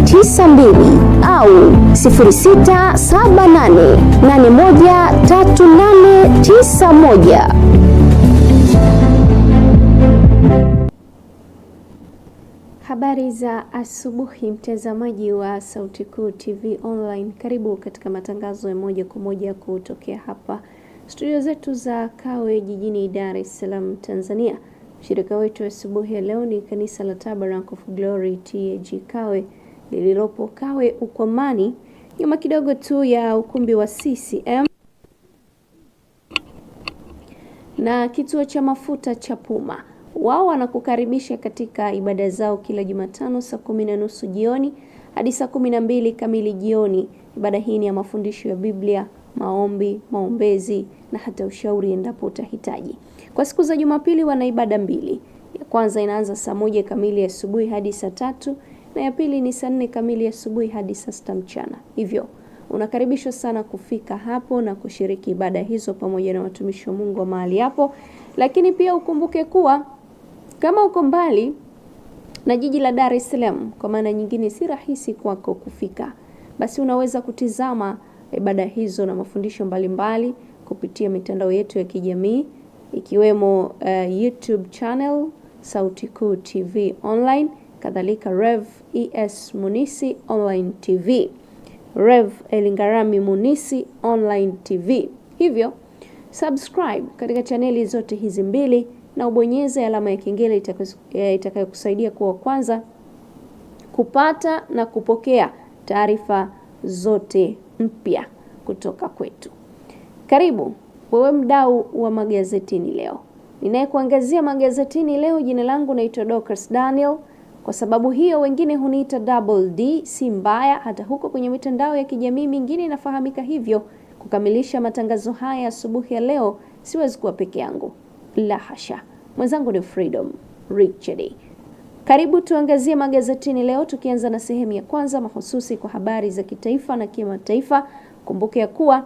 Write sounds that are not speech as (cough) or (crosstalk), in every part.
92 au 0678813891. Habari za asubuhi, mtazamaji wa Sauti Kuu TV Online, karibu katika matangazo ya moja kwa moja kutokea hapa studio zetu za Kawe jijini Dar es Salaam, Tanzania. Mshirika wetu asubuhi ya leo ni kanisa la Tabernacle of Glory TAG Kawe lililopo Kawe Ukwamani, nyuma kidogo tu ya ukumbi wa CCM na kituo cha mafuta cha Puma. Wao wanakukaribisha katika ibada zao kila Jumatano saa kumi na nusu jioni hadi saa kumi na mbili kamili jioni. Ibada hii ni ya mafundisho ya Biblia, maombi, maombezi na hata ushauri endapo utahitaji. Kwa siku za Jumapili wana ibada mbili. Ya kwanza inaanza saa moja kamili asubuhi hadi saa tatu na ya pili ni saa nne kamili asubuhi hadi saa sita mchana. Hivyo unakaribishwa sana kufika hapo na kushiriki ibada hizo pamoja na watumishi wa Mungu wa mahali hapo, lakini pia ukumbuke kuwa kama uko mbali na jiji la Dar es Salaam, kwa maana nyingine si rahisi kwako kufika, basi unaweza kutizama ibada hizo na mafundisho mbalimbali mbali, kupitia mitandao yetu ya kijamii ikiwemo uh, YouTube channel Sauti Kuu TV online kadhalika Rev ES Munisi Online TV, Rev Elingarami Munisi Online TV. Hivyo subscribe katika chaneli zote hizi mbili na ubonyeze alama ya kengele itakayokusaidia kuwa kwanza kupata na kupokea taarifa zote mpya kutoka kwetu. Karibu wewe mdau wa magazetini leo. Ninayekuangazia magazetini leo, jina langu naitwa Dorcas Daniel kwa sababu hiyo wengine huniita Double D, si mbaya hata huko kwenye mitandao ya kijamii mingine inafahamika hivyo. Kukamilisha matangazo haya asubuhi ya leo, siwezi kuwa peke yangu, la hasha. Mwenzangu ni Freedom Richard. Karibu tuangazie magazetini leo, tukianza na sehemu ya kwanza mahususi kwa habari za kitaifa na kimataifa. Kumbuke ya kuwa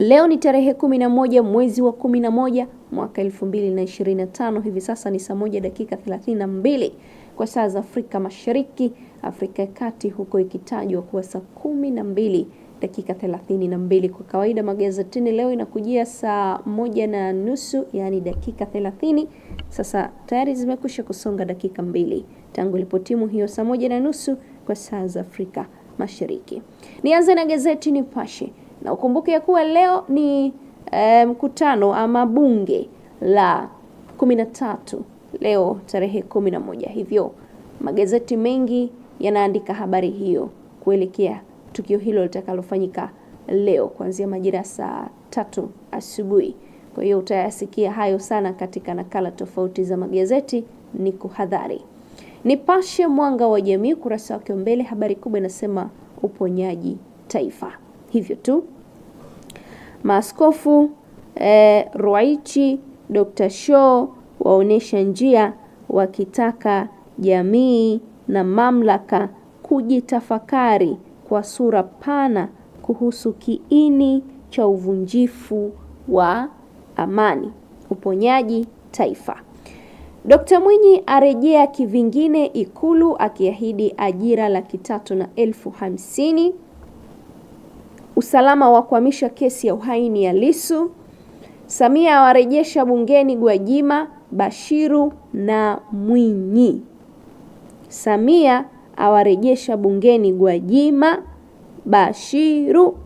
Leo ni tarehe 11 mwezi wa 11 mwaka 2025. Hivi sasa ni saa moja dakika 32 kwa saa za Afrika Mashariki, Afrika ya Kati huko ikitajwa kuwa saa 12 dakika 32. Kwa kawaida magazetini leo inakujia saa moja na nusu, yaani dakika 30. Sasa tayari zimekwisha kusonga dakika mbili tangu ilipotimu hiyo saa moja na nusu kwa saa za Afrika Mashariki. Nianze na gazeti Nipashe na ukumbuke kuwa leo ni e, mkutano ama bunge la kumi na tatu leo tarehe kumi na moja. Hivyo magazeti mengi yanaandika habari hiyo kuelekea tukio hilo litakalofanyika leo kuanzia majira saa tatu asubuhi. Kwa hiyo utayasikia hayo sana katika nakala tofauti za magazeti, ni kuhadhari. Nipashe Mwanga wa Jamii, ukurasa wake mbele, habari kubwa inasema uponyaji taifa. Hivyo tu maaskofu e, eh, Ruaichi, Dr. Shaw waonesha njia wakitaka jamii na mamlaka kujitafakari kwa sura pana kuhusu kiini cha uvunjifu wa amani, uponyaji taifa. Dkt. Mwinyi arejea kivingine Ikulu akiahidi ajira laki tatu na elfu hamsini usalama wa kuhamisha kesi ya uhaini ya lisu Samia awarejesha bungeni Gwajima, Bashiru na Mwinyi. Samia awarejesha bungeni Gwajima, Bashiru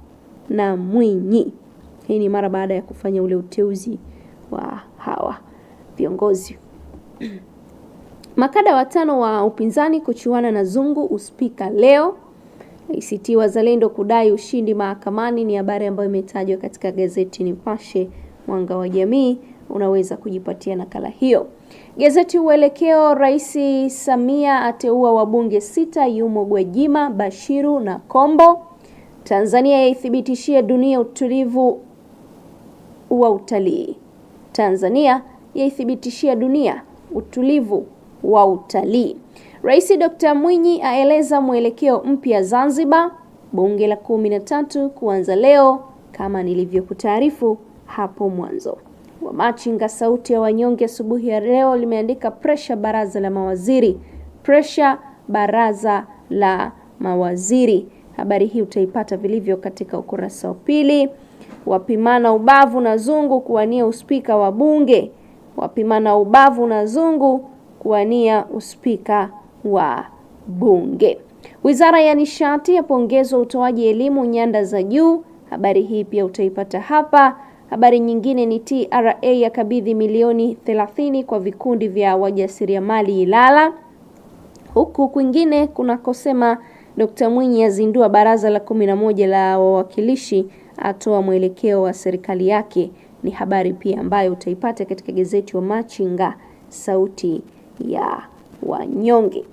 na Mwinyi. Hii ni mara baada ya kufanya ule uteuzi wa hawa viongozi. (clears throat) Makada watano wa upinzani kuchuana na Zungu uspika leo. ACT Wazalendo kudai ushindi mahakamani ni habari ambayo imetajwa katika gazeti Nipashe Mwanga wa Jamii. Unaweza kujipatia nakala hiyo. Gazeti Uelekeo, Rais Samia ateua wabunge sita, yumo Gwajima, Bashiru na Kombo. Tanzania yaithibitishia dunia utulivu wa utalii. Tanzania yaithibitishia dunia utulivu wa utalii. Rais Dr. Mwinyi aeleza mwelekeo mpya Zanzibar, bunge la kumi na tatu kuanza leo kama nilivyokutaarifu hapo mwanzo. Wamachinga sauti ya wanyonge asubuhi ya leo limeandika presha baraza la mawaziri, presha baraza la mawaziri. Habari hii utaipata vilivyo katika ukurasa wa pili. Wapimana ubavu na Zungu kuwania uspika wa Bunge, wapimana ubavu na Zungu kuwania uspika wa Bunge. Wizara ya Nishati yapongezwa utoaji elimu nyanda za juu. Habari hii pia utaipata hapa. Habari nyingine ni TRA yakabidhi milioni 30 kwa vikundi vya wajasiriamali Ilala. Huku kwingine kunakosema Dkt. Mwinyi azindua baraza la 11 la wawakilishi, atoa mwelekeo wa serikali yake. Ni habari pia ambayo utaipata katika gazeti wa Machinga, sauti ya wanyonge.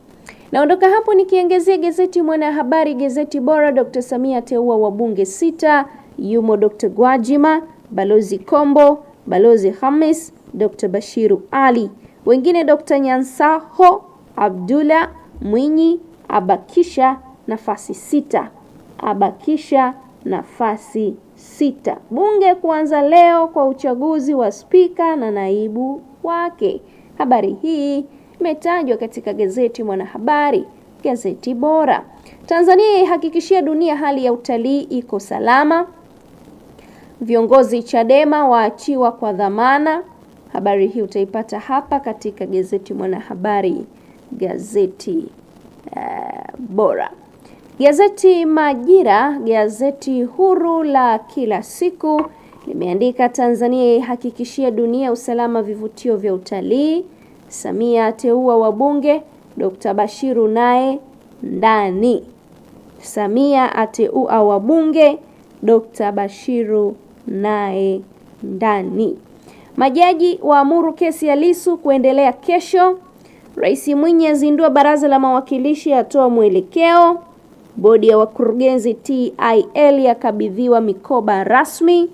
Naondoka hapo nikiangazia gazeti Mwanahabari, gazeti bora. Dr. Samia ateua wabunge sita, yumo Dr. Gwajima, Balozi Kombo, Balozi Hamis, Dr. Bashiru Ali, wengine Dr. Nyansaho, Abdullah Mwinyi abakisha nafasi sita, abakisha nafasi sita. Bunge kuanza leo kwa uchaguzi wa spika na naibu wake. Habari hii imetajwa katika gazeti Mwanahabari, gazeti bora. Tanzania yaihakikishia dunia hali ya utalii iko salama. Viongozi Chadema waachiwa kwa dhamana. Habari hii utaipata hapa katika gazeti Mwanahabari, gazeti uh, bora. Gazeti Majira, gazeti huru la kila siku limeandika Tanzania yaihakikishia dunia usalama vivutio vya utalii. Samia ateua wabunge, Dr. Bashiru naye ndani. Samia ateua wabunge, Dr. Bashiru naye ndani. Majaji waamuru kesi ya Lissu kuendelea kesho. Rais Mwinyi azindua baraza la mawakilishi, atoa mwelekeo. Bodi ya wakurugenzi TIL yakabidhiwa mikoba rasmi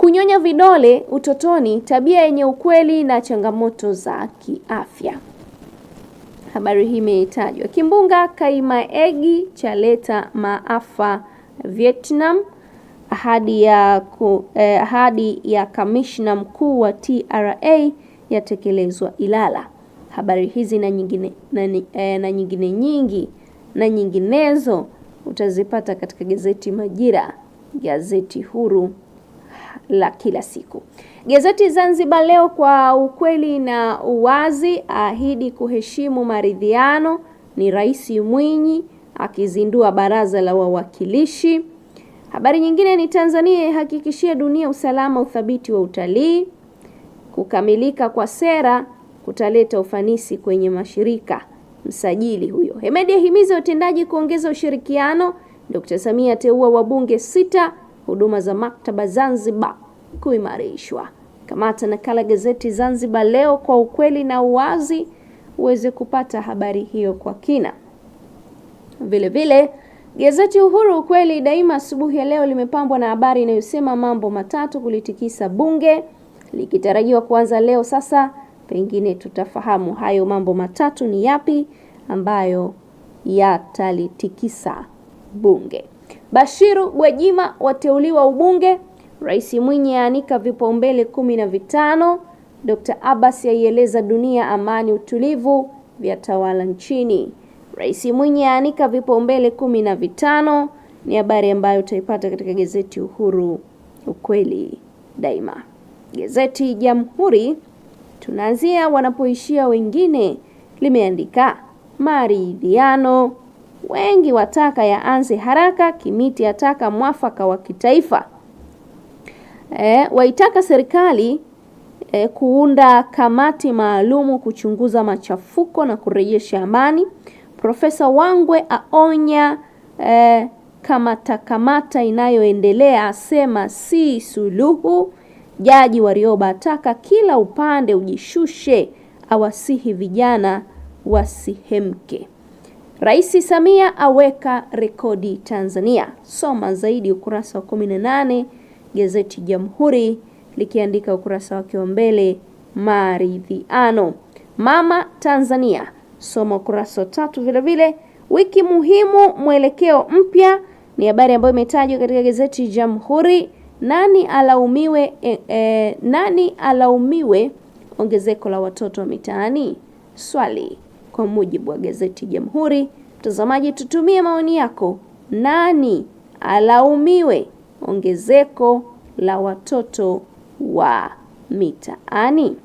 kunyonya vidole utotoni, tabia yenye ukweli na changamoto za kiafya. Habari hii imetajwa. Kimbunga Kaimaegi chaleta maafa Vietnam. Ahadi ya, ku, eh, ahadi ya kamishna mkuu wa TRA yatekelezwa Ilala. Habari hizi na nyingine, na, eh, na nyingine nyingi na nyinginezo utazipata katika gazeti Majira, gazeti huru la kila siku. Gazeti Zanzibar Leo kwa ukweli na uwazi, ahidi kuheshimu maridhiano, ni Rais Mwinyi akizindua baraza la wawakilishi. Habari nyingine ni Tanzania ihakikishie dunia usalama, uthabiti wa utalii. Kukamilika kwa sera kutaleta ufanisi kwenye mashirika msajili huyo. Hemedi ahimiza utendaji kuongeza ushirikiano. Dkt. Samia ateua wabunge sita huduma za maktaba Zanzibar kuimarishwa. Kamata nakala gazeti Zanzibar Leo kwa ukweli na uwazi uweze kupata habari hiyo kwa kina. Vile vile gazeti Uhuru ukweli daima asubuhi ya leo limepambwa na habari inayosema mambo matatu kulitikisa bunge, likitarajiwa kuanza leo. Sasa pengine tutafahamu hayo mambo matatu ni yapi ambayo yatalitikisa bunge. Bashiru Gwajima wateuliwa ubunge. Rais Mwinyi aanika vipaumbele kumi na vitano. Dr. Abbas aieleza dunia amani utulivu vya tawala nchini. Rais Mwinyi aanika vipaumbele kumi na vitano ni habari ambayo utaipata katika gazeti Uhuru, ukweli daima. Gazeti Jamhuri tunaanzia wanapoishia wengine, limeandika maridhiano wengi wataka yaanze haraka. Kimiti yataka mwafaka wa kitaifa. E, waitaka serikali e, kuunda kamati maalumu kuchunguza machafuko na kurejesha amani. Profesa Wangwe aonya e, kamata kamata inayoendelea asema si suluhu. Jaji Warioba ataka kila upande ujishushe, awasihi vijana wasihemke. Rais Samia aweka rekodi Tanzania. Soma zaidi ukurasa wa 18 gazeti Jamhuri likiandika ukurasa wake wa mbele maridhiano. Mama Tanzania, soma ukurasa wa tatu vilevile. Wiki muhimu mwelekeo mpya ni habari ambayo imetajwa katika gazeti Jamhuri. Nani alaumiwe, e, e, nani alaumiwe ongezeko la watoto mitaani? Swali kwa mujibu wa gazeti Jamhuri. Mtazamaji, tutumie maoni yako, nani alaumiwe ongezeko la watoto wa mitaani?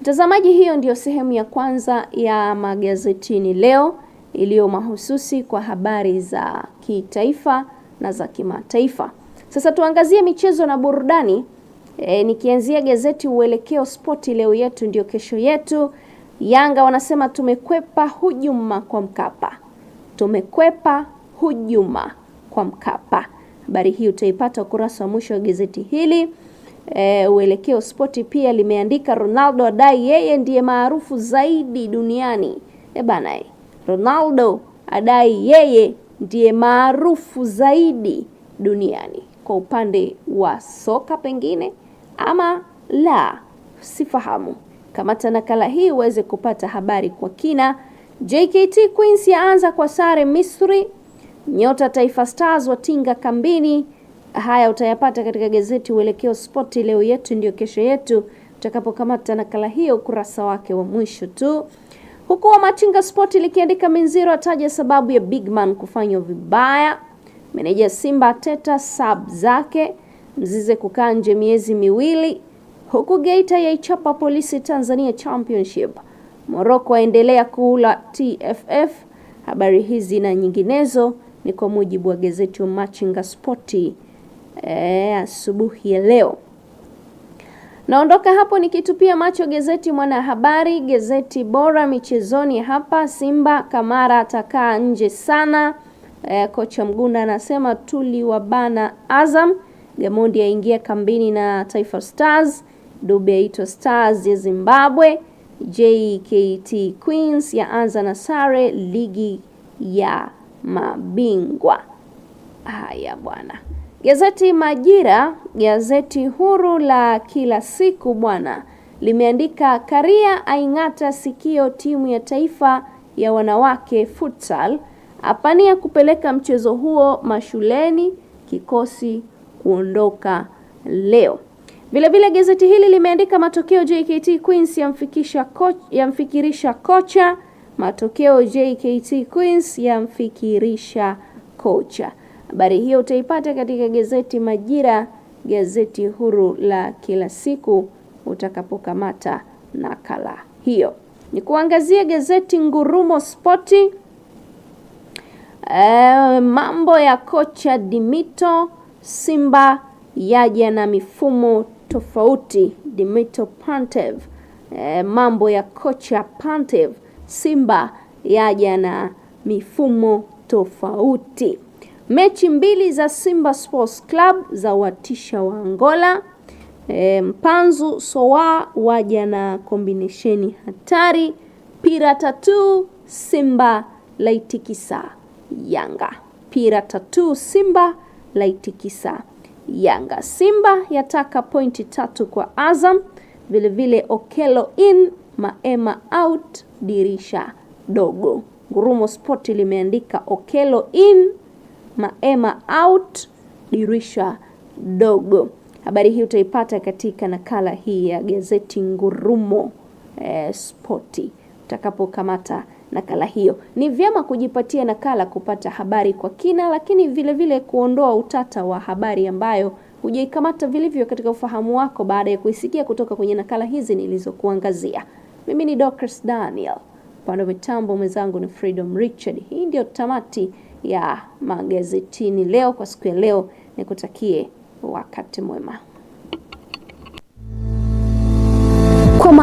Mtazamaji, hiyo ndiyo sehemu ya kwanza ya magazetini leo iliyo mahususi kwa habari za kitaifa na za kimataifa. Sasa tuangazie michezo na burudani. E, nikianzia gazeti Uelekeo Spoti, leo yetu ndio kesho yetu. Yanga wanasema tumekwepa hujuma kwa Mkapa, tumekwepa hujuma kwa Mkapa. Habari hii utaipata ukurasa wa mwisho wa gazeti hili. E, Uelekeo Spoti pia limeandika Ronaldo adai yeye ndiye maarufu zaidi duniani. E bana, eh, Ronaldo adai yeye ndiye maarufu zaidi duniani kwa upande wa soka pengine ama la, sifahamu. Kamata nakala hii uweze kupata habari kwa kina. JKT Queens yaanza kwa sare Misri. Nyota Taifa Stars watinga kambini. Haya utayapata katika gazeti Uelekeo Spoti, leo yetu ndio kesho yetu, utakapokamata nakala hiyo ukurasa wake wa mwisho tu. Huku Wamachinga Spoti likiandika Minziro ataja sababu ya Man kufanywa vibaya. Meneja Simba Teta sab zake Mzize kukaa nje miezi miwili huku Geita yaichapa polisi Tanzania Championship. Morocco aendelea kuula TFF. Habari hizi na nyinginezo ni kwa mujibu wa gazeti wa Machinga Spoti e, eh, asubuhi ya leo. Naondoka hapo nikitupia macho gazeti Mwanahabari, gazeti bora michezoni. Hapa Simba Kamara atakaa nje sana. E, kocha Mgunda anasema tuliwabana Azam. Gamondi aingia kambini na Taifa Stars. Dubeito Stars ya Zimbabwe, JKT Queens ya anza na sare ligi ya mabingwa. Haya bwana. Gazeti Majira, gazeti huru la kila siku bwana, limeandika Karia aing'ata sikio timu ya taifa ya wanawake futsal, apania kupeleka mchezo huo mashuleni, kikosi kuondoka leo. Vilevile gazeti hili limeandika matokeo JKT Queens yamfikisha kocha, yamfikirisha kocha. Matokeo JKT Queens yamfikirisha kocha. Habari hiyo utaipata katika gazeti Majira, gazeti huru la kila siku utakapokamata nakala hiyo. Ni kuangazia gazeti Ngurumo Spoti. E, eh, mambo ya kocha Dimito Simba yaja na mifumo tofauti Dimitar Pantev, E, mambo ya kocha Pantev, Simba yaja na mifumo tofauti. Mechi mbili za Simba Sports Club za watisha wa Angola. E, Mpanzu Soa waja na kombinesheni hatari. Pira tatu Simba laitikisa Yanga. Pira tatu Simba laitikisa Yanga. Simba yataka pointi tatu kwa Azam, vilevile Okelo in Maema out dirisha dogo. Ngurumo Sport limeandika Okelo in Maema out dirisha dogo. Habari hii utaipata katika nakala hii ya gazeti Ngurumo eh, Spoti utakapokamata nakala hiyo. Ni vyema kujipatia nakala kupata habari kwa kina, lakini vile vile kuondoa utata wa habari ambayo hujaikamata vilivyo katika ufahamu wako baada ya kuisikia kutoka kwenye nakala hizi nilizokuangazia. Mimi ni Dorcas Daniel, upande wa mitambo mwenzangu ni Freedom Richard. Hii ndio tamati ya magazetini leo kwa siku ya leo, nikutakie wakati mwema.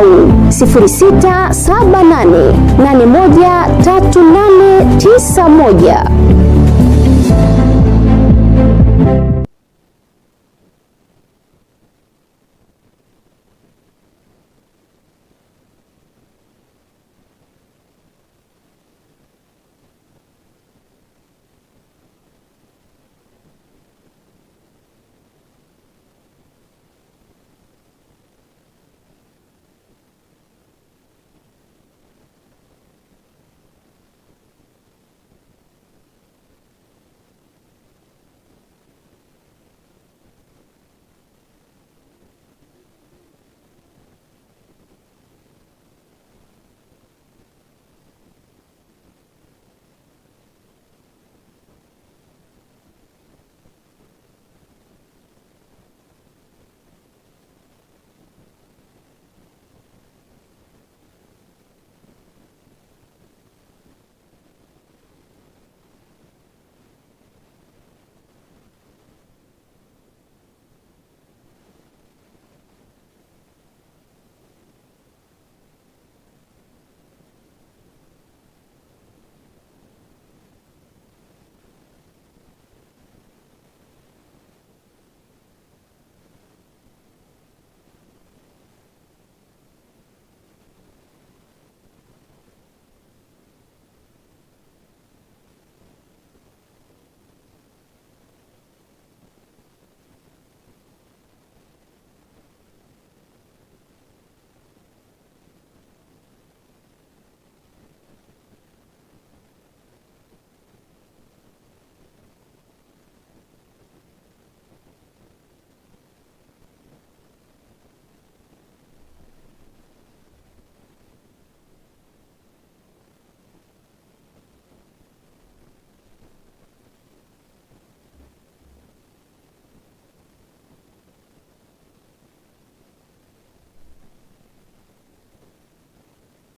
au 0678813891.